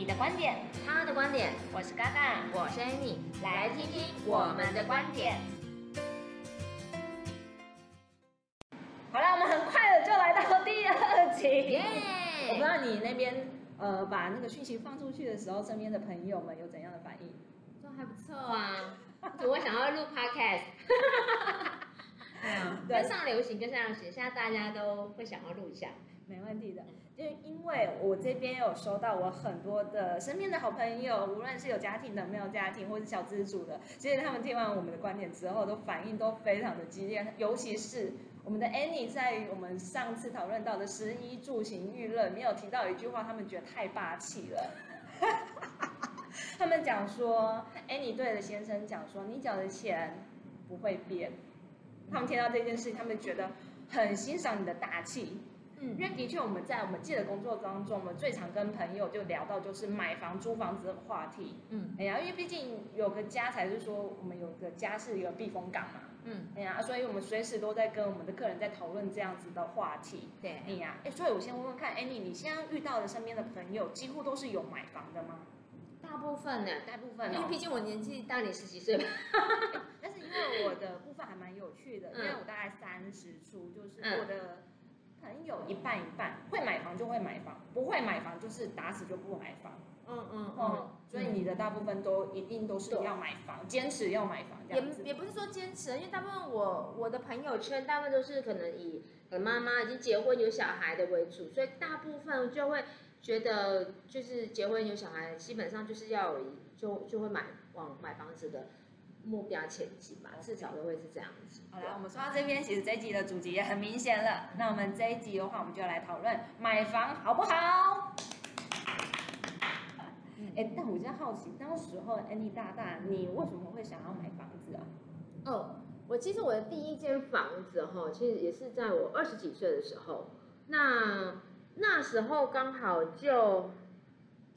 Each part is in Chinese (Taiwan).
你的觀點，他的觀點，我是嘎嘎，我是安妮，來聽聽我們的觀點。好了，我們很快的就來到第二集。Yeah! 我不知道你那邊，呃，把那個訊息放出去的時候，身邊的朋友們有怎樣的反應？我覺得還不錯啊，我想要錄 podcast 嗯。對，跟上流行，跟上流行，現在大家都會想要錄一下。沒問題的，因為我這邊有收到我很多的身邊的好朋友，無論是有家庭的、沒有家庭，或是小資主的，其實他們聽完我們的觀點之後，都反應都非常的激烈。尤其是我們的 Annie，在我們上次討論到的食衣住行育樂，沒有提到一句話，他們覺得太霸氣了。 他們講說 ，Annie 對的先生講說，你講的錢不會變。他們聽到這件事情，他們覺得很欣賞你的大氣。因、嗯、為的確我們在我們記得工作當中，我們最常跟朋友就聊到就是買房、租房子的話題。嗯，哎呀，因為畢竟有個家才是說我們有個家是一個避風港嘛。嗯，哎呀，所以我們隨時都在跟我們的客人在討論這樣子的話題。對、嗯，哎呀，哎，所以我先問問看安妮、哎，你現在遇到的身邊的朋友幾乎都是有買房的嗎？大部分呢，大部分、哦，因為畢竟我年紀大你十幾歲嘛、 哎。但是因為我的部分還蠻有趣的，因、嗯、為我大概三十出，就是我的。嗯很有一半一半會買房就會買房，不會買房就是打死就不買房。嗯嗯嗯，所以你的大部分都一定都是要買房，堅持要買房這樣。也也不是說堅持，因為大部分我我的朋友圈大部分都是可能以媽媽已經結婚有小孩的為主，所以大部分就會覺得就是結婚有小孩基本上就是要就就會買往買房子的。目標前進嘛，至少都會是這樣子。好、okay. 啦，Alright, 我們說到這邊，其實這一集的主題也很明顯了，嗯。那我們這一集的話，我們就要來討論買房好不好？哎、嗯欸，那我就好奇，當時候 Annie 大大，你為什麼會想要買房子啊？哦，我其實我的第一間房子哈，其實也是在我二十幾歲的時候。那那時候剛好就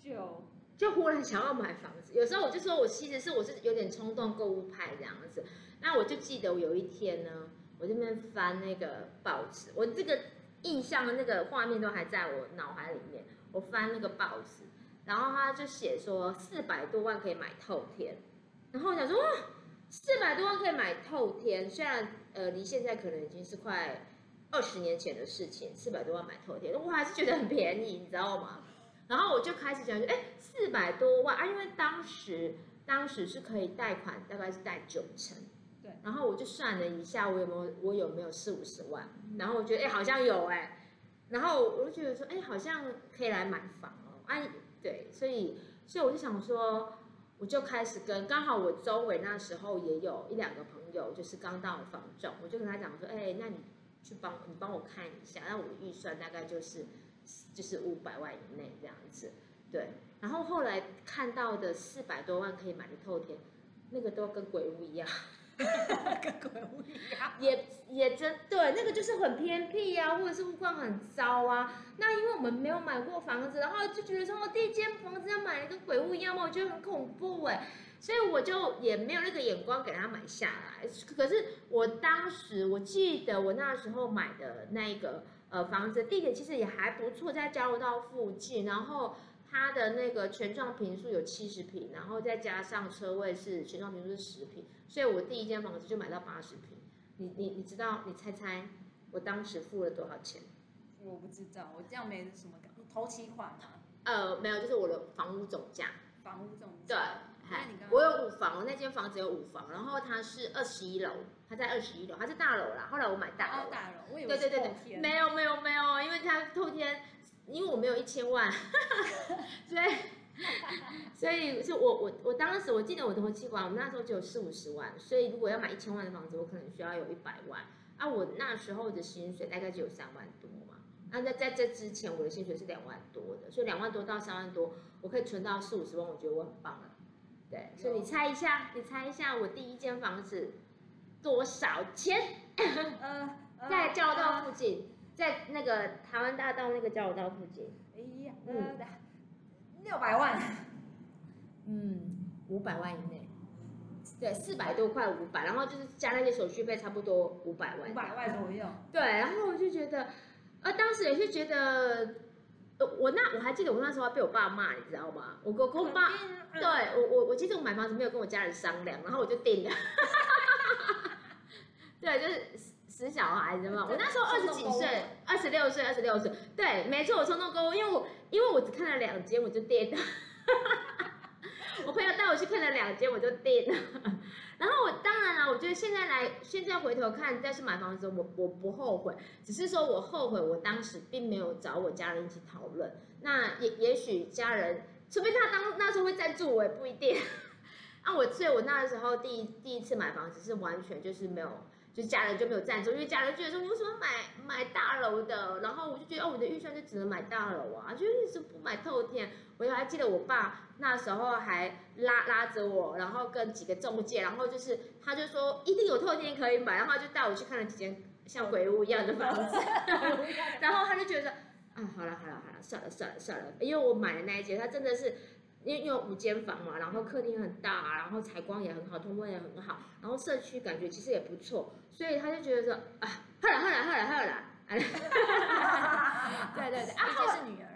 就。就忽然想要買房子，有時候我就說，我其實是我是有點衝動購物派這樣子。那我就記得有一天呢，我這邊翻那個報紙，我這個印象的那個畫面都還在我腦海裡面。我翻那個報紙，然後他就寫說四百多萬可以買透天，然後我想說哇，四百多萬可以買透天，雖然呃離現在可能已經是快二十年前的事情，四百多萬買透天，我還是覺得很便宜，你知道嗎？然後我就開始想說，哎，四百多萬啊！因為當時當時是可以貸款，大概是貸九成，對。然後我就算了一下，我有沒有我有沒有四五十萬？然後我覺得，哎，好像有哎。然後我就覺得說，哎，好像可以來買房哦。哎、啊，對，所以所以我就想說，我就開始跟剛好我周圍那時候也有一兩個朋友，就是剛到房仲，我就跟他講說，哎，那你去幫你幫我看一下，那我的預算大概就是。就是五百萬以內這樣子，對。然後後來看到的四百多萬可以買的透天，那個都跟鬼屋一樣， 跟鬼屋一樣，也也真對，那個就是很偏僻呀，啊，或者是物況很糟啊。那因為我們沒有買過房子，然後就覺得說，我第一間房子要買一個鬼屋一樣嘛，我覺得很恐怖哎。所以我就也沒有那個眼光給他買下來。可是我當時我記得我那時候買的那個呃房子，地點其實也還不錯，在交流道附近。然後它的那個權狀坪數有七十坪，然後再加上車位是權狀坪數是十坪，所以我第一間房子就買到八十坪。你你你知道你猜猜我當時付了多少錢？我不知道，我這樣沒什麼頭期款嗎、啊？呃，沒有，就是我的房屋總價。房屋總價。對。剛剛我有五房，我那間房子有五房，然後他是二十一樓，他在二十一樓，他是大樓啦。後來我買大樓。對對對對，沒有沒有沒有，因為他透天，因為我沒有一千萬， 所以所以就我我我當時我記得我頭期款，我們那時候只有四五十萬，所以如果要買一千萬的房子，我可能需要有一百萬。啊，我那時候的薪水大概只有三萬多嘛，在、啊、在這之前我的薪水是兩萬多的，所以兩萬多到三萬多，我可以存到四五十萬，我覺得我很棒了、啊。對所以你猜一下，No. 你猜一下我第一間房子多少錢？Uh, uh, 在交流道附近，uh, 在那個台灣大道那個交流道附近。哎呀，嗯，六百萬。嗯，五百萬以內。對，四百多塊，五百，然後就是加那些手續費，差不多五百萬。五百萬左右。嗯，對，然後我就覺得，呃，當時也是覺得。我,我那我還記得我那時候還被我爸罵，你知道嗎？我我跟我爸，對我我我記得我買房子沒有跟我家人商量，然後我就定了。 對，就是死小孩子嘛！我那時候二十幾歲，二十六歲，二十六歲。對，沒錯，我衝動購物，因為我因為我只看了兩間我就定了。 我朋友帶我去看了兩間我就定了。然後我當然了，我覺得現在來，現在回頭看，但是買房子我我不後悔，只是說我後悔我當時並沒有找我家人一起討論。那也也許家人，除非他當那時候會贊助我，也不一定。那、啊、我所以，我那時候第一第一次買房子是完全就是沒有，就家人就沒有贊助，因為家人覺得說你為什麼買買大樓的？然後我就覺得哦，我的預算就只能買大樓啊，就一直不買透天。我還記得我爸那時候還拉拉着我，然後跟幾個中介，然後就是他就說一定有透天可以買，然後就帶我去看了幾間像鬼屋一樣的房子，然後他就覺得說啊好了好了好了,好了，算了算了算了，因為我買的那一間，他真的是因為有五間房嘛，然後客廳很大，然後採光也很好，通風也很好，然後社區感覺其實也不錯，所以他就覺得說，啊，好了好了好了,好了,好,了好了，啊，對對對，畢竟 就、啊、是女兒。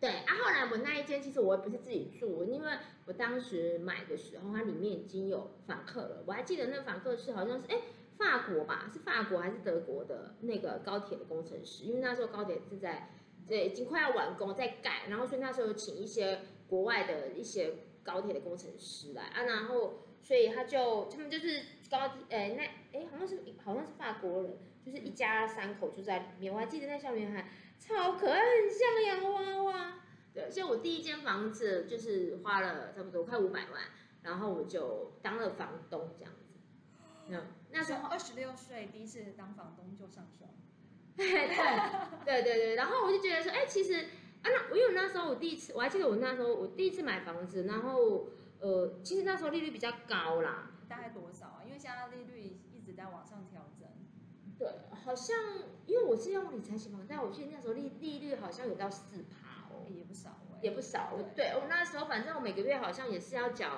對，啊，後來我那一間其實我也不是自己住，因為我當時買的時候，它裡面已經有房客了。我還記得那房客是好像是，哎，法國吧，是法國還是德國的那個高鐵的工程師？因為那時候高鐵正在，對，已經快要完工，在蓋，然後所以那時候請一些國外的一些高鐵的工程師來啊，然後所以他就他們就是高，哎，那哎，好像是好像是法國人，就是一家三口就在裡面，我還記得那上面還。超可愛，很像洋娃娃。對，所以我第一間房子就是花了差不多，差不多快五百萬，然後我就當了房東這樣子。那那時候二十六歲，歲第一次當房東就上手。對對對對， 然後我就覺得說，哎、欸，其實啊，那我有那時候我第一次，我還記得我那時候我第一次買房子，然後呃，其實那時候利率比較高啦，大概多少啊？因為現在利率一直在往上調整。對，好像。因為我是用理財型房貸，我記得那時候利利率好像有到四趴哦，也不少，欸，也不少。對，我那時候反正我每個月好像也是要繳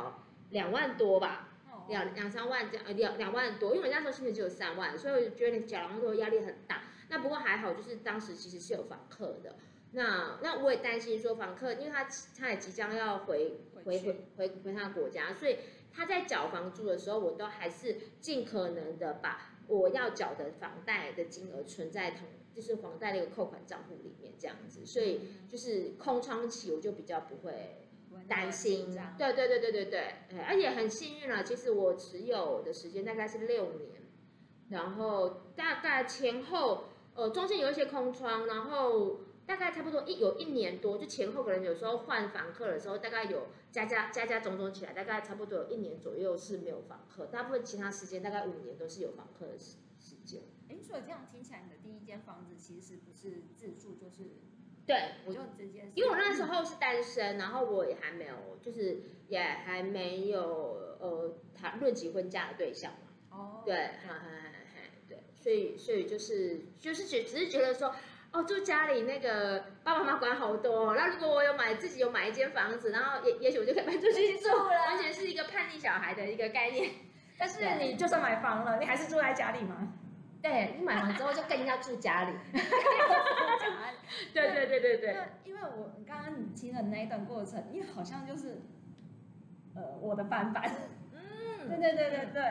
兩萬多吧，兩兩三萬這樣，兩兩萬多，因為我那時候薪水只有三萬，所以我就覺得繳那麼多壓力很大。那不過還好，就是當時其實是有房客的。那那我也擔心說房客，因為他他也即將要回回回回回他的國家，所以他在繳房租的時候，我都還是盡可能的把。我要繳的房貸的金額存在同就是房貸的那個扣款賬戶裡面，這樣子，所以就是空窗期我就比較不會擔心，對對對對對對，對，而且很幸運啦，其實我持有的時間大概是六年，然後大概前後呃中間有一些空窗，然後。大概差不多一有一年多，就前後可能有時候換房客的時候，大概有加加加加總總起來，大概差不多有一年左右是沒有房客，大部分其他時間大概五年都是有房客的時時間。哎、欸，所以這樣聽起來，你的第一間房子其實是不是自住？就是對我，我就這間，因為我那時候是單身，然後我也還沒有，就是也還沒有呃談論及婚嫁的對象嘛。哦，對，嘿對，所以所以就是就是覺只是覺得說。哦，住家裡那個爸爸媽媽管好多，哦。那如果我有買自己有買一間房子，然後也也許我就可以搬出去住了。完全是一個叛逆小孩的一個概念。但是你就算買房了，你還是住在家裡嗎？對，你買完之後就更要住家裡。對 對對對對。因為我剛剛你聽的那一段過程，因為好像就是呃我的辦法是。嗯。對對對對對。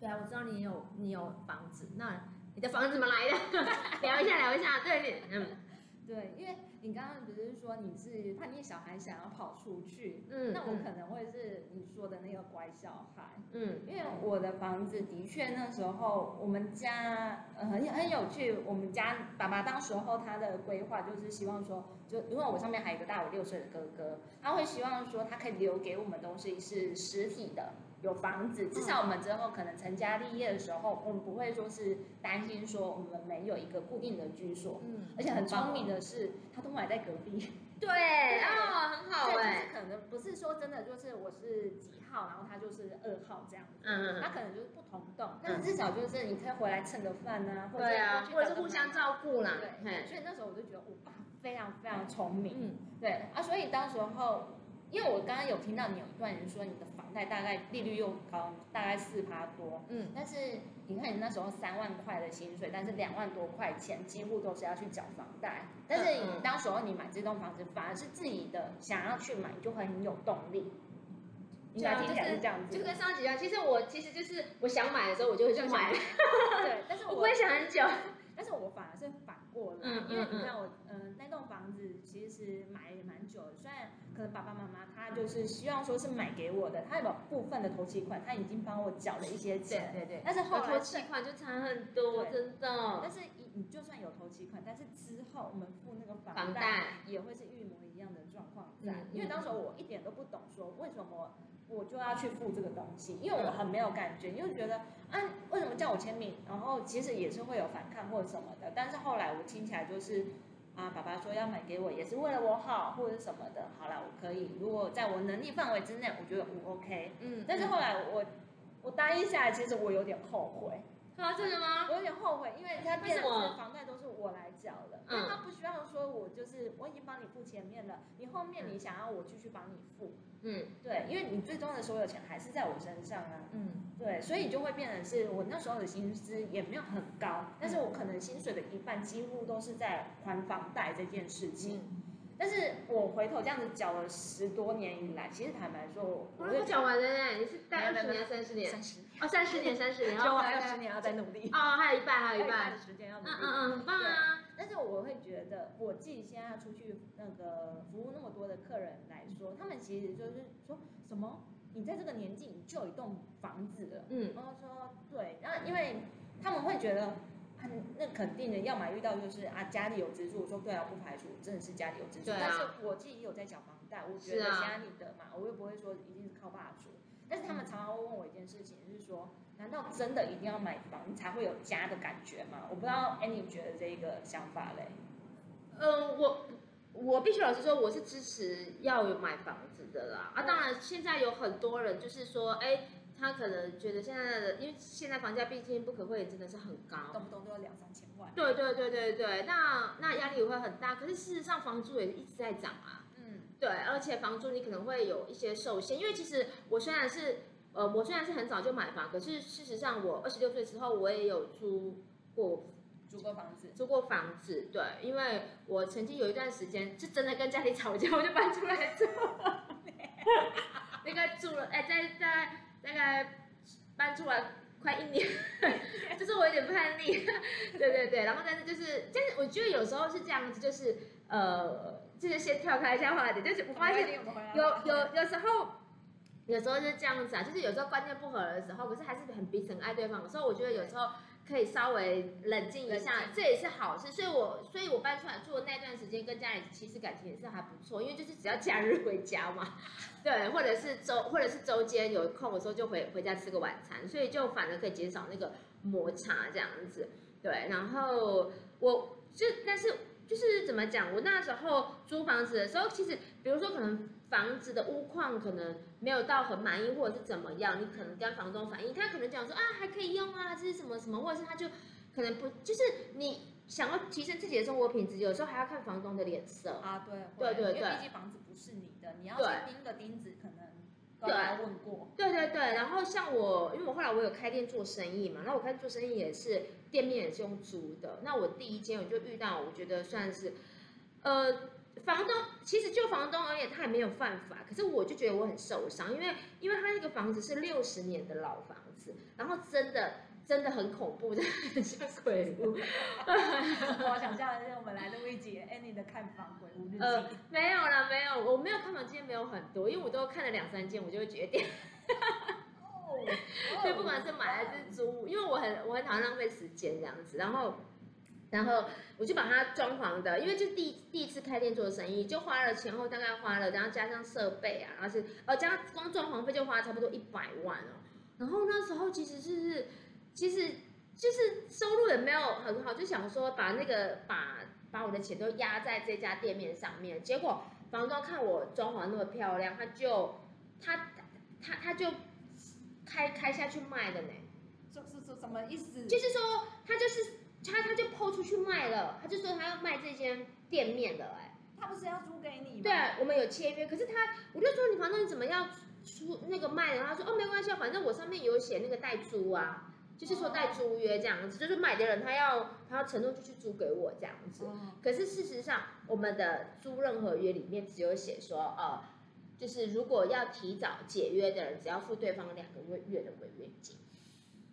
對啊，我知道你有你有房子那。你的房子怎麼來的？ 聊一下，聊一下，對，嗯， 對，因為。你剛剛不是說你是叛逆小孩想要跑出去？嗯，那我可能會是你說的那個乖小孩。嗯，因為我的房子的確那時候我們家呃很很有趣，我們家爸爸當時候他的規劃就是希望說，就因為我上面還有一個大我六歲的哥哥，他會希望說他可以留給我們東西是實體的，有房子，至少我們之後可能成家立業的時候，我們不會說是擔心說我們沒有一個固定的居所。嗯，而且很聰明的是、嗯、他都。買在隔壁對，對 哦，很好哎、欸。就是可能不是說真的，就是我是幾號，然後他就是二號這樣子。他、嗯、可能就是不同棟、嗯，但是至少就是你可以回來蹭個飯啊，對、嗯、啊，或者是互相照顧啦。對，所以那時候我就覺得我爸、哦啊、非常非常聰明。嗯，嗯對啊，所以當時候。因為我剛剛有聽到你有一段人說，你的房貸大概利率又高，嗯，大概四趴多。嗯，但是你看你那時候三萬塊的薪水，但是兩萬多塊錢幾乎都是要去繳房貸。嗯，但是你當時候你買這棟房子，反而是自己的想要去買，就很有動力。嗯，你就是，聽起來是這樣子，就跟上集一樣，其實我其實就是我想買的時候，我就會去買。就 對，但 是我不會想很久， 但是我反而是反過來，嗯，因為你看我。嗯嗯嗯嗯。房子其實買了蠻久的，雖然可能爸爸媽媽他就是希望說是買給我的，他有部分的頭期款他已經幫我繳了一些錢，對對，對，但是後來頭期款就差很多，真的哦。但是你你就算有頭期款，但是之後我們付那個房貸也會是一模一樣的狀況在，因為當時我一點都不懂說為什麼我就要去付這個東西，因為我很沒有感覺，就覺得啊，為什麼叫我簽名，然後其實也是會有反抗或什麼的，但是後來我聽起來就是。啊，爸爸說要買給我，也是為了我好或者什麼的。好了，我可以。如果在我能力範圍之內，我覺得我 OK 嗯。嗯，但是後來我我答應下來，其實我有點後悔。啊，真的嗎？我，我有點後悔，因為他變的房貸都是我來繳的，但他不需要說我就是我已經幫你付前面了，你後面你想要我繼續幫你付。嗯嗯，對，因為你最終的所有錢還是在我身上啊。嗯，對，所以就會變成是我那時候的薪資也沒有很高。嗯，但是我可能薪水的一半幾乎都是在還房貸這件事情。嗯、但是我回頭這樣子繳了十多年以來，其實坦白說我，哦，我我還沒繳完呢，你是貸二十年、三十年？三十年哦，三十年、三十年，繳完還有十年要再努力。哦，還有一半，還有一半的時間要努力。嗯嗯嗯，很棒啊。嗯但是我會覺得，我自己現在出去那個服務那麼多的客人來說，他們其實就是說什麼，你在這個年紀你就有一棟房子了，嗯，然後說對，那因為他們會覺得很，那肯定的，要麼遇到就是啊家裡有資助，我說對啊，不排除真的是家裡有資助，啊，但是我自己有在繳房貸，我覺得家裡的嘛，我又不會說一定是靠爸族。但是他們常常會問我一件事情，就是說，難道真的一定要買房才會有家的感覺嗎？我不知道，Annie 覺得這一個想法嘞？嗯、呃，我我必須老實說，我是支持要買房子的啦。啊，當然，現在有很多人就是說，哎，他可能覺得現在的，因為現在房價畢竟不可諱，真的是很高，動不動都要兩三千萬。對對對對對，那那壓力也會很大。可是事實上，房租也一直在漲啊。對，而且房租你可能會有一些受限，因為其實我雖然是呃，我雖然是很早就買房，可是事實上我二十六歲之後，我也有租過租過房子，租過房子，對，因為我曾經有一段時間是真的跟家裡吵架，我就搬出來住，哈哈住了哎，在在，在大概搬出來快一年， 就是我有點叛逆，對對對，然後但是就是，但是我覺得有時候是這樣子，就是呃。就是先跳開一下話題，就是我發現有 有有、有時候，有時候是這樣子啊，就是有時候觀念不合的時候，可是還是很彼此愛對方的時候，我覺得有時候可以稍微冷靜一下，這也是好事。所以我所以我搬出來住的那段時間，跟家裡其實感情也是還不錯，因為就是只要假日回家嘛，對，或者是周或者是周間有空的時候就回回家吃個晚餐，所以就反而可以減少那個摩擦這樣子，對。然後我就但是。就是怎麼講，我那時候租房子的時候，其實比如說可能房子的屋況可能沒有到很滿意，或者是怎麼樣，你可能跟房東反映，他可能講說啊還可以用啊，這是什麼什麼，或者是他就可能不，就是你想要提升自己的生活品質，有時候還要看房東的臉色啊，對對對，對，因為畢竟房子不是你的，你要去釘個釘子可能。對，對對對，然後像我，因為我後來我有開店做生意嘛，那我開店做生意也是店面也是用租的，那我第一間我就遇到，我覺得算是，呃，房東其實就房東而言他也沒有犯法，可是我就覺得我很受傷，因為因為他那個房子是六十年的老房子，然後真的。真的很恐怖，真的很像鬼屋。好，接、嗯、下來讓我們來錄一集 Annie、 欸、的看房鬼屋日記，嗯、呃，沒有了，沒有，我沒有看房，今天沒有很多，因為我都看了兩三間、嗯，我就會決定 、哦哦。所以不管是買還是租，哦、因為我很我很討厭浪費時間這樣子。然後，然後我就把它裝潢的，因為就第第一次開店做生意，就花了前後大概花了，然後加上設備啊，然後是呃加上光裝潢費就花了差不多一百萬哦。然後那時候其實、就是。其實就是收入也沒有很好，就想說把那個把把我的錢都壓在這家店面上面。結果房東看我裝潢那麼漂亮，他就他他他就開開下去賣了呢。就是說，說，說什麼意思？就是說他就是他他就拋出去賣了，他就說他要賣這間店面的。哎，他不是要租給你嗎？對啊，我們有簽約。可是他我就說，你房東你怎麼要出那個賣的？他說哦沒關係，反正我上面有寫那個帶租啊。就是說帶租約這樣子，就是買的人他要他要承諾就去租給我這樣子。可是事實上，我們的租賃合約裡面只有寫說，呃，就是如果要提早解約的人，只要付對方兩個月的違約金。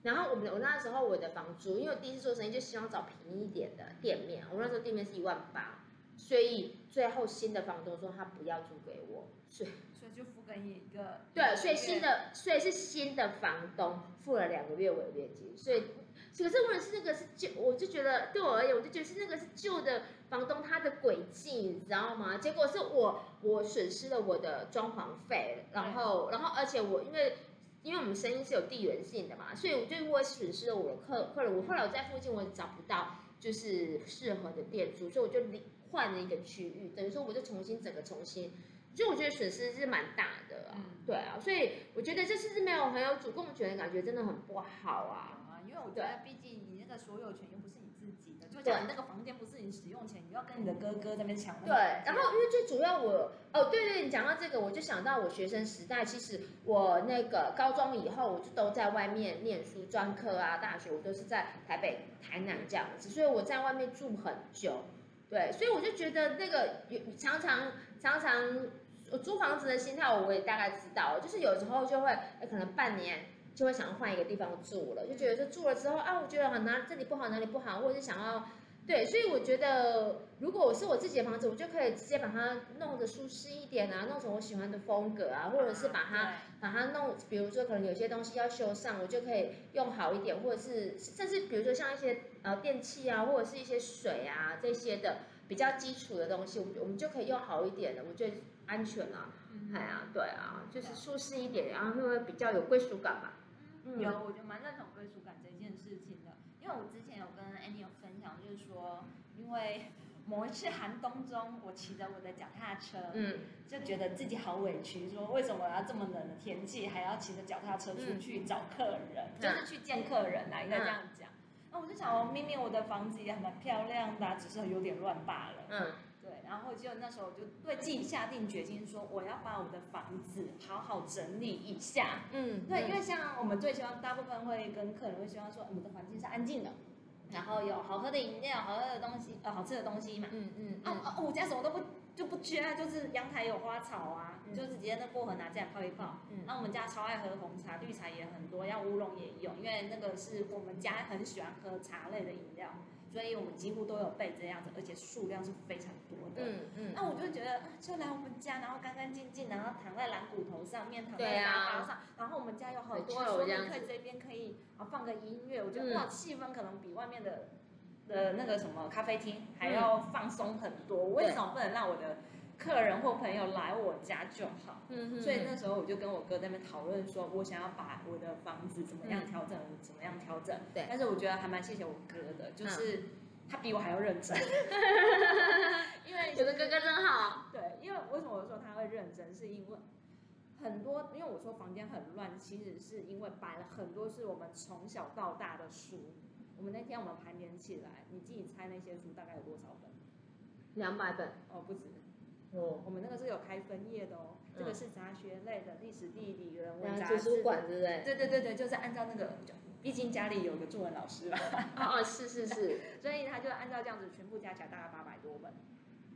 然後我們我那時候我的房租，因為我第一次做生意就希望找便宜一點的店面，我那時候店面是一萬八。所以最後新的房東說他不要租給我，所以所以就付給你一個對一個，所以新的所以是新的房東付了兩個月違約金，所以可是問題是那個是舊，我就覺得對我而言，我就覺得是那個是舊的房東他的詭計，你知道嗎？結果是我我損失了我的裝潢費，然後然後而且我因為因為我們生意是有地緣性的嘛，所以我就我損失了我的客客人，我後來我在附近我也找不到就是適合的店主，所以我就離。換了一個區域，等於說我就重新整個重新，所以我覺得損失是蠻大的啊。嗯，對啊，所以我覺得這是沒有很有主動權的感覺，真的很不好啊。因為我覺得畢竟你那個所有權又不是你自己的，就像你那個房間不是你使用權，你要跟你的哥哥在那邊搶。對。然後因為最主要我哦，對對對，你講到這個，我就想到我學生時代，其實我那個高中以後，我就都在外面念書，專科啊、大學，我都是在台北、台南這樣子，所以我在外面住很久。對，所以我就覺得那個有常常常常，我租房子的心態我也大概知道，就是有時候就會可能半年就會想要換一個地方住了，就覺得說住了之後啊，我覺得哪這裡不好哪裡不好，或者是想要。對，所以我覺得，如果我是我自己的房子，我就可以直接把它弄得舒適一點啊，弄成我喜歡的風格啊，或者是把它、啊、把它弄，比如說可能有些東西要修繕，我就可以用好一點，或者是甚至比如說像一些呃電器啊，或者是一些水啊這些的比較基礎的東西我，我們就可以用好一點的，我覺得安全嘛、啊，哎、嗯、啊，對啊，就是舒適一點，然後會比較有歸屬感嘛，嗯。有，我就蠻認同歸屬感這件事情的，因為我之前有跟 Annie 有。因為某一次寒冬中，我騎着我的腳踏車，嗯，就覺得自己好委屈，說為什麼要這麼冷的天氣還要騎着腳踏車出去找客人，嗯、就是去見客人啊、嗯、應該這樣講。那、嗯啊、我就想，明明我的房子也還蠻漂亮的、啊，只是有點亂罷了。嗯，對。然後就那時候我就對自己下定決心，說我要把我的房子好好整理一下。嗯，嗯對，因為像我們最希望，大部分會跟客人會希望說，嗯、我們的環境是安靜的。然後有好喝的飲料，好喝的東西，呃、哦，好吃的東西嘛。嗯嗯嗯。啊、嗯哦哦、我家什麼都不就不缺啊，就是陽台有花草啊，嗯、就是直接那薄荷拿進來泡一泡。嗯。那我們家超愛喝紅茶，綠茶也很多，要烏龍也有，因為那個是我們家很喜歡喝茶類的飲料。所以我們幾乎都有備這樣子，而且數量是非常多的。嗯嗯。那我就覺得、啊，就來我們家，然後乾乾淨淨，然後躺在懶骨頭上面，躺在沙發上、啊，然後我們家有很多，說你可以這邊可以啊放個音樂、嗯，我覺得氣氛可能比外面的、的那個什麼咖啡廳還要放鬆很多。我為什麼不能讓我的客人或朋友來我家就好，嗯哼。所以那時候我就跟我哥在那邊討論說，我想要把我的房子怎麼樣調整，嗯，怎麼樣調整。對。但是我覺得還蠻謝謝我哥的，就是他比我還要認真。嗯、因為覺得哥哥真好。對，因為為什麼我說他會認真，是因為很多，因為我說房間很亂，其實是因為擺了很多是我們從小到大的書。我們那天我們盤點起來，你自己猜那些書大概有多少本？兩百本哦，不止。哦、嗯，我們那個是有開分頁的哦，這個是雜學類的歷、嗯、史地理人文雜誌、啊，就是，對對，對對對，就是按照那個，畢竟家裡有個中文老師嘛，嗯、 哦，是是是，所以他就按照這樣子全部加起來大概八百多本，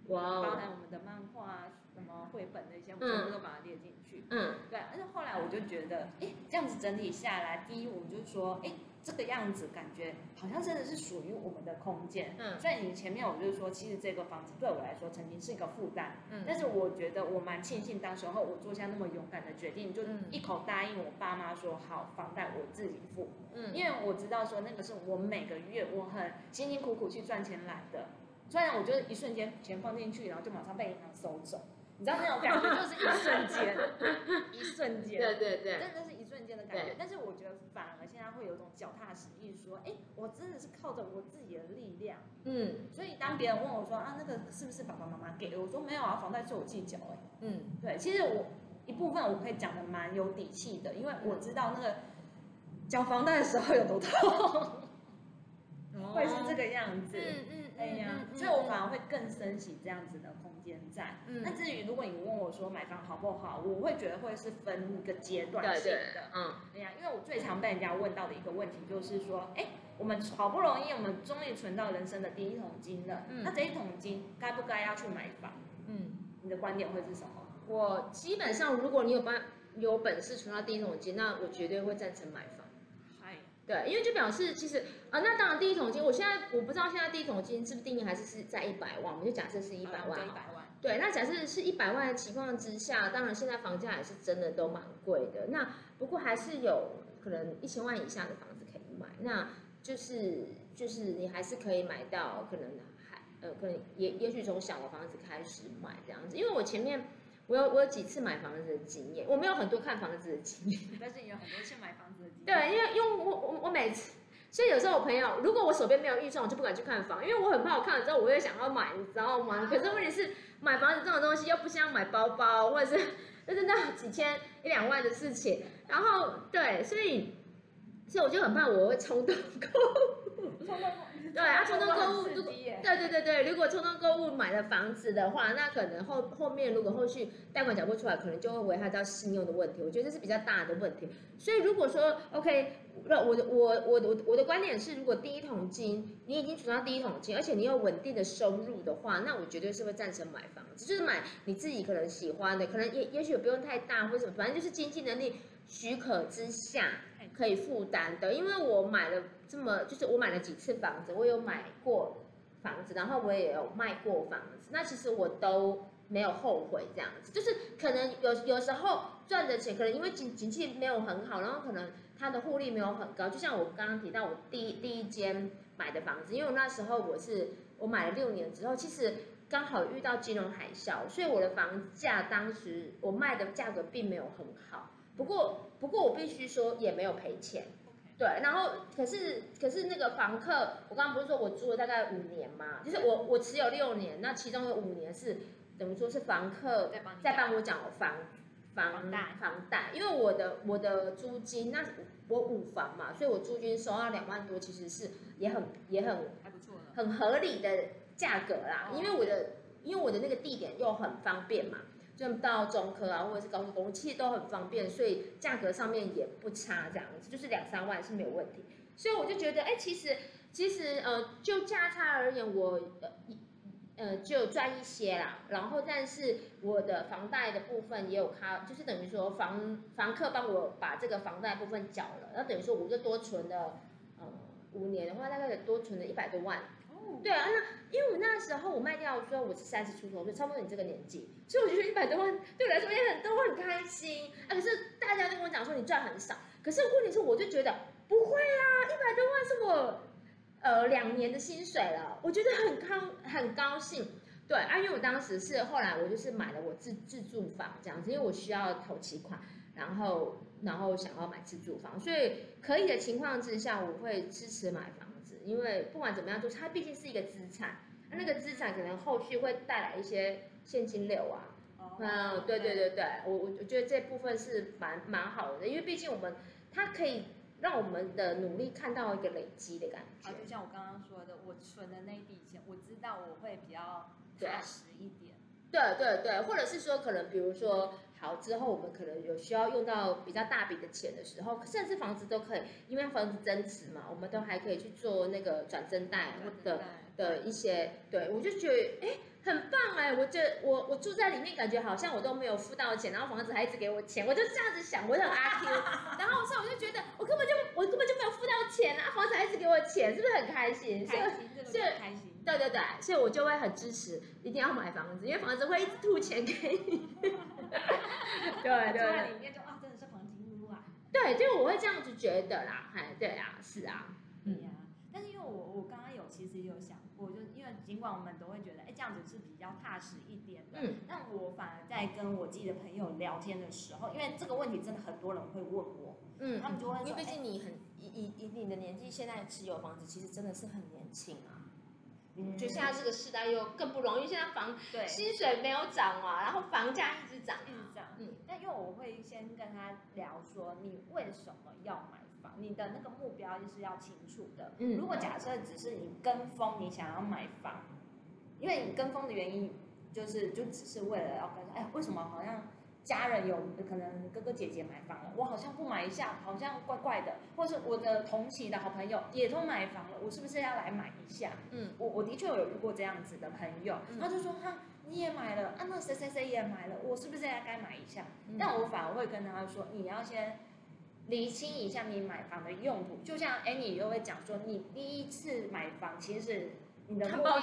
哇、哦、包含我們的漫畫。什麼繪本那些，我、嗯、全部都把它列進去。嗯，對。但是後來我就覺得，哎，這樣子整體下來，第一，我就是說，哎，這個樣子感覺好像真的是屬於我們的空間。嗯。雖然你前面我就是說，其實這個房子對我來說曾經是一個負擔。嗯。但是我覺得我蠻慶幸，當時候我做下那麼勇敢的決定，就是、一口答應我爸媽說，好，房貸我自己付。嗯。因為我知道說，那個是我每個月我很辛辛苦苦去賺錢來的。雖然我就是一瞬間錢放進去，然後就馬上被銀行收走。你知道那種感覺，就是一瞬間， 一瞬間，對對對，真的是一瞬間的感覺對對對。但是我覺得，反而現在會有一種腳踏實地，說，哎、欸，我真的是靠着我自己的力量。嗯。所以當別人問我說、嗯、啊，那個是不是爸爸媽媽給的？我說沒有啊，房貸是我自己交的。嗯，對，其實我一部分我可以講的蠻有底氣的，因為我知道那個交房貸的時候有多痛、嗯，會是這個樣子。嗯嗯。對呀、啊，所以我反而會更升起這樣子的空間在。那、嗯、至於如果你問我說買房好不好，我會覺得會是分一個階段性的。對對嗯，對呀、啊，因為我最常被人家問到的一個問題就是說，哎，我們好不容易我們終於存到人生的第一桶金了、嗯，那這一桶金該不該要去買房？嗯，你的觀點會是什麼？我基本上如果你有辦有本事存到第一桶金，那我絕對會贊成買房。對，因為就表示其實啊，那當然第一桶金，我現在我不知道現在第一桶金是不是定義還是是在一百萬，我們就假設是一百萬。哦、100萬。對，那假設是一百萬的情況之下，當然現在房價也是真的都蠻貴的。那不過還是有可能一千萬以下的房子可以買，那就是就是你還是可以買到可能還呃可能也也許從小的房子開始買這樣子，因為我前面。我有我有幾次買房子的經驗，我沒有很多看房子的經驗，但是你有很多次買房子的經驗。對，因為因為我我我每次，所以有時候我朋友，如果我手邊沒有預算，我就不敢去看房，因為我很怕我看了之後，我也想要買，你知道嗎？可是問題是，買房子這種東西又不像買包包，或者是，就是那幾千一兩萬的事情。然後對，所以所以我就很怕我會衝動購，衝動購。對，啊，衝動購物，如果對對對對，如果衝動購物買了房子的話，那可能後後面如果後續貸款繳不出來，可能就會危害到信用的問題。我覺得這是比較大的問題。所以如果說 OK，那我的我我我我的觀點是，如果第一桶金你已經存到第一桶金，而且你有穩定的收入的話，那我絕對是會贊成買房子，就是買你自己可能喜歡的，可能也也許也不用太大或者什麼，反正就是經濟能力許可之下可以負擔的。因為我買了。這麼就是我買了幾次房子，我有買過房子，然後我也有賣過房子。那其實我都沒有後悔這樣子，就是可能有有時候賺的錢，可能因為景景氣沒有很好，然後可能它的獲利沒有很高。就像我剛剛提到我第一第一間買的房子，因為那時候我是我買了六年之後，其實剛好遇到金融海嘯，所以我的房價當時我賣的價格並沒有很好。不過不過我必須說也沒有賠錢。對，然後可是可是那個房客，我剛剛不是說我租了大概五年嘛？就是我我持有六年，那其中有五年是，怎麼說是房客在幫我繳房講房房貸？因為我的我的租金，那我五房嘛，所以我租金收到兩萬多，其實是也很也很還不錯，很合理的價格啦。哦，因為我的因為我的那個地點又很方便嘛。就到中科啊，或者是高速公路，其實都很方便，所以價格上面也不差，這樣子就是兩三萬是沒有問題。所以我就覺得，哎，其實其實呃，就價差而言，我呃，呃就賺一些啦。然後，但是我的房貸的部分也有卡，就是等於說房房客幫我把這個房貸部分繳了，那等於說我就多存了呃五年的話，大概也多存了一百多萬。對啊，那因為我那時候我賣掉的時候我是三十出頭，就差不多你這個年紀，所以我覺得一百多萬對我來說也很都很開心。啊，可是大家都跟我講說你賺很少，可是問題是我就覺得不會啊，一百多萬是我呃兩年的薪水了，我覺得很康很高興。對啊，因為我當時是後來我就是買了我自自住房這樣子，因為我需要頭期款，然後然後想要買自住房，所以可以的情況之下，我會支持買房。因為不管怎麼樣，就它畢竟是一個資產，那個資產可能後續會帶來一些現金流啊。哦，oh, okay。嗯，對對對對，我我我覺得這部分是蠻蠻好的，因為畢竟我們它可以讓我們的努力看到一個累積的感覺。啊，oh，就像我剛剛說的，我存的那筆錢，我知道我會比較踏實一點。對對對，或者是說，可能比如說好之後，我們可能有需要用到比較大筆的錢的時候，甚至房子都可以，因為房子增值嘛，我們都還可以去做那個轉增貸或者的一些。對，我就覺得哎，很棒哎、欸，我這我我住在裡面，感覺好像我都沒有付到錢，然後房子還一直給我錢，我就這樣子想，我就很阿 Q，然後我說我就覺得我根本就我根本就沒有付到錢啊，房子還一直給我錢，是不是很開心？是，開心，是不是很開心？對對對，所以我就會很支持，一定要買房子，因為房子會一直吐錢給你。 對對。坐在裡面就啊，真的是黃金屋啊。對，就我會這樣子覺得啦，哎，對啊，是啊。嗯、啊。但是因為我我剛剛有其實也有想過，就因為儘管我們都會覺得，哎、欸，這樣子是比較踏實一點的。 但我反而在跟我自己的朋友聊天的時候，因為這個問題真的很多人會問我，嗯，他們就會說因為畢竟你很以以以你的年紀現在持有房子，其實真的是很年輕啊。就現在這個時代又更不容易，現在房，對，薪水沒有漲啊，然後房價一直漲啊，一直漲啊。嗯，但因為我會先跟他聊說，你為什麼要買房？你的那個目標就是要清楚的。嗯，如果假設只是你跟風，你想要買房，嗯，因為你跟風的原因，就是就只是為了要跟說，哎，為什麼好像？家人有可能哥哥姐姐買房了，我好像不買一下好像怪怪的，或是我的同期的好朋友也都買房了，我是不是要來買一下？嗯，我我的確有遇過這樣子的朋友，嗯、他就說哈，你也買了啊？那誰誰誰也買了，我是不是應該買一下、嗯？但我反而會跟他說，你要先釐清一下你買房的用途。就像 Annie 也會講說，你第一次買房其實你的目的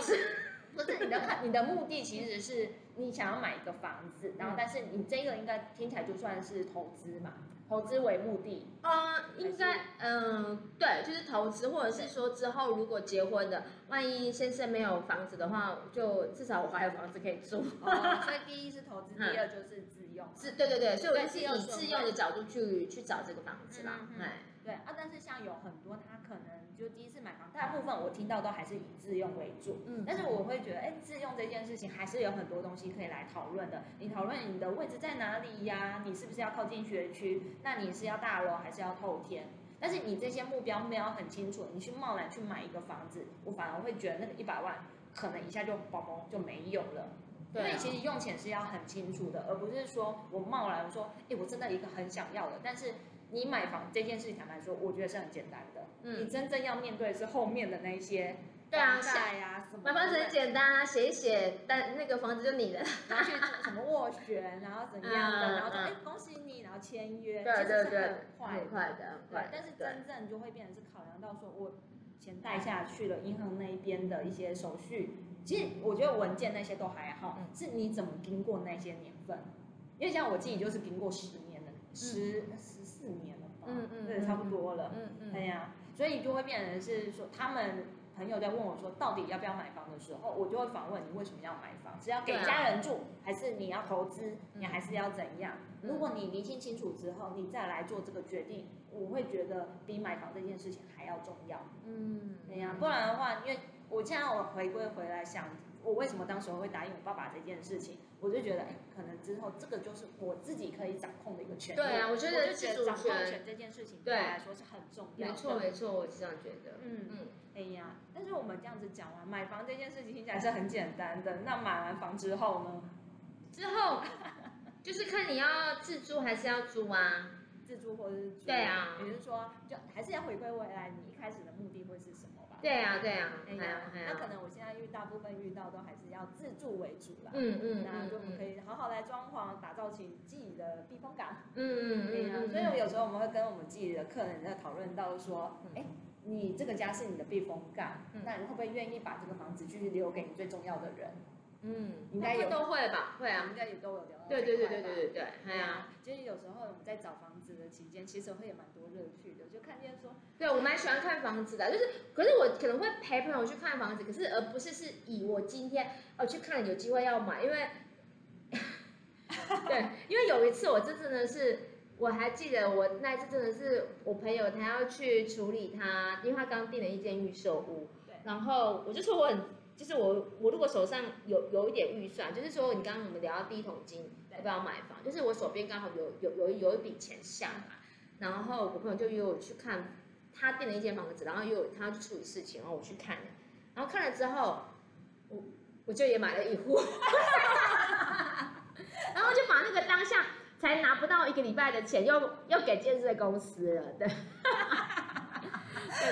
不是 你的你的目的其實是。嗯你想要買一個房子，嗯，然後但是你這個應該聽起來就算是投資嘛？投資為目的？呃、嗯嗯，應該，嗯、呃，對，就是投資，或者是說之後如果結婚的，萬一先生沒有房子的話，就至少我還有房子可以住。哦、所以第一是投資， 第二就是自用啊。是，對對對，所以我是以自、自用的角度去去找這個房子啦。對，嗯。嗯嗯對啊，但是像有很多他可能就第一次買房，大部分我聽到都還是以自用為主。嗯，但是我會覺得，哎，自用這件事情還是有很多東西可以來討論的。你討論你的位置在哪裡呀？你是不是要靠近學區？那你是要大樓還是要透天？但是你這些目標沒有很清楚，你去貿然去買一個房子，我反而會覺得那個一百萬可能一下就包包就沒有了。對啊，所以其實用錢是要很清楚的，而不是說我貿然說，哎，我真的一個很想要的，但是。你買房這件事情坦白說，我覺得是很簡單的，嗯。你真正要面對的是後面的那一些貸貸，啊，對、嗯、啊，什麼買房子很簡單，啊，寫一寫，但那個房子就你的。拿去做什麼斡旋， 然後怎樣的，啊、然後說、啊、哎恭喜你，然後簽約，對。其實是很快的。對，但是真正就會變成是考量到說，我錢貸下去了，銀行那一邊的一些手續，其實我覺得文件那些都還好，嗯，是你怎麼經過那些年份，因為像我自己就是經過十年的、嗯、十。四年了吧，嗯嗯，對、就是，差不多了，嗯嗯，嗯，對呀、啊，所以就會變成是說，他們朋友在問我說，到底要不要買房的時候，我就會反問你為什麼要買房？是要給家人住，啊、還是你要投資、嗯，你還是要怎樣？如果你釐清清楚之後，你再來做這個決定，我會覺得比買房這件事情還要重要。嗯，對呀、啊，不然的話，因為我現在我回歸回來想。我為什麼當時會答應我爸爸這件事情？我就覺得，哎、欸，可能之後這個就是我自己可以掌控的一個權利。對啊，我覺得是我就是掌控權這件事情對我來說是很重要的。沒錯，沒錯，我是這樣覺得。嗯嗯，哎呀，但是我們這樣子講完買房這件事情，聽起來是很簡單的。那買完房之後呢？之後就是看你要自住還是要租啊？ 自住或者租？對啊，也就是說，就還是要回歸回來你一開始的目的會是什麼？對呀、啊，對呀、啊，對呀、啊啊啊啊，那可能我現在遇大部分遇到都還是要自住為主啦。嗯嗯。那就可以好好來裝潢，嗯，打造起自己的避風港。嗯對嗯、啊。所以，我有時候我們會跟我們自己的客人在討論到說，哎、嗯，你這個家是你的避風港，嗯，那你會不會願意把這個房子繼續留給你最重要的人？嗯，應該也都會吧，會啊，啊，應該也都有對對對對對對對對對對，哎呀、啊，其實、啊、有時候我們在找房子的期間，其實我會有蠻多樂趣的，就看見說。對，我蠻喜歡看房子的，就是，可是我可能會陪朋友去看房子，可是而不是是以我今天哦去看有機會要買，因為， 對，因為有一次我真的，是我還記得我那一次真的是我朋友他要去處理他，因為他剛訂了一間預售屋，對，然後我就說我很。就是我，我如果手上有有一點預算，就是說你剛剛我們聊到第一桶金要不要買房，就是我手邊剛好有有有，有一筆錢下來，然後我朋友就約我去看，他訂了一間房子，然後約我，他要去處理事情，然後我去看，然後看了之後，我我就也買了一戶， 然後就把那個當下才拿不到一個禮拜的錢又又給建設公司了，對，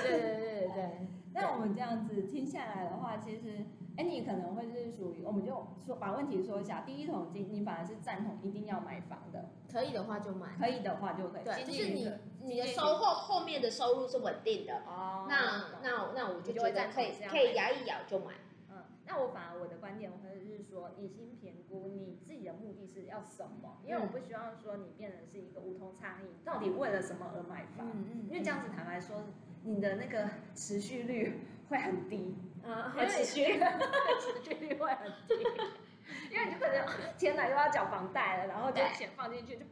對，對對對對對。那我們這樣子聽下來的話，其實 a、欸、你可能會是屬於，我們就說把問題說一下，第一桶金你反而是贊同一定要買房的，可以的話就買，可以的話就可以，對就是你你的收後後面的收入是穩定的，那那那我就覺得可以這樣可以咬一咬就買。那我反而我的觀點，我會是說，已經評估你自己的目的是要什麼，因為我不希望說你變成是一個無痛差異，到底為了什麼而買房，嗯嗯。因為這樣子坦白說，你的那個持續率會很低，啊、嗯，會很持、 持續率會很低， 因為你就可能天來又要繳房貸了，然後就把錢放進去，就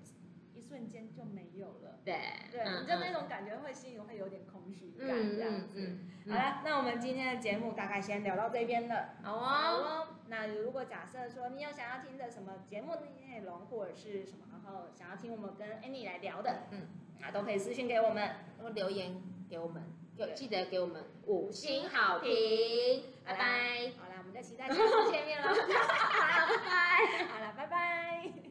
一瞬間就。對，對，你、嗯嗯、就那種感覺會心裡會有點空虛感、嗯、這樣子。嗯嗯、好了、嗯，那我們今天的節目大概先聊到這邊了。好啊、哦哦，那如果假設說你有想要聽的什麼節目內容或者是什麼，然後想要聽我們跟 Annie 來聊的，嗯，啊，都可以私信給我們，或留言給我們，就記得給我們五星，五星好評。拜拜。好啦，拜拜，好啦好啦，我們就期待下次見面嘍。 好啦 拜拜。好啦，拜拜。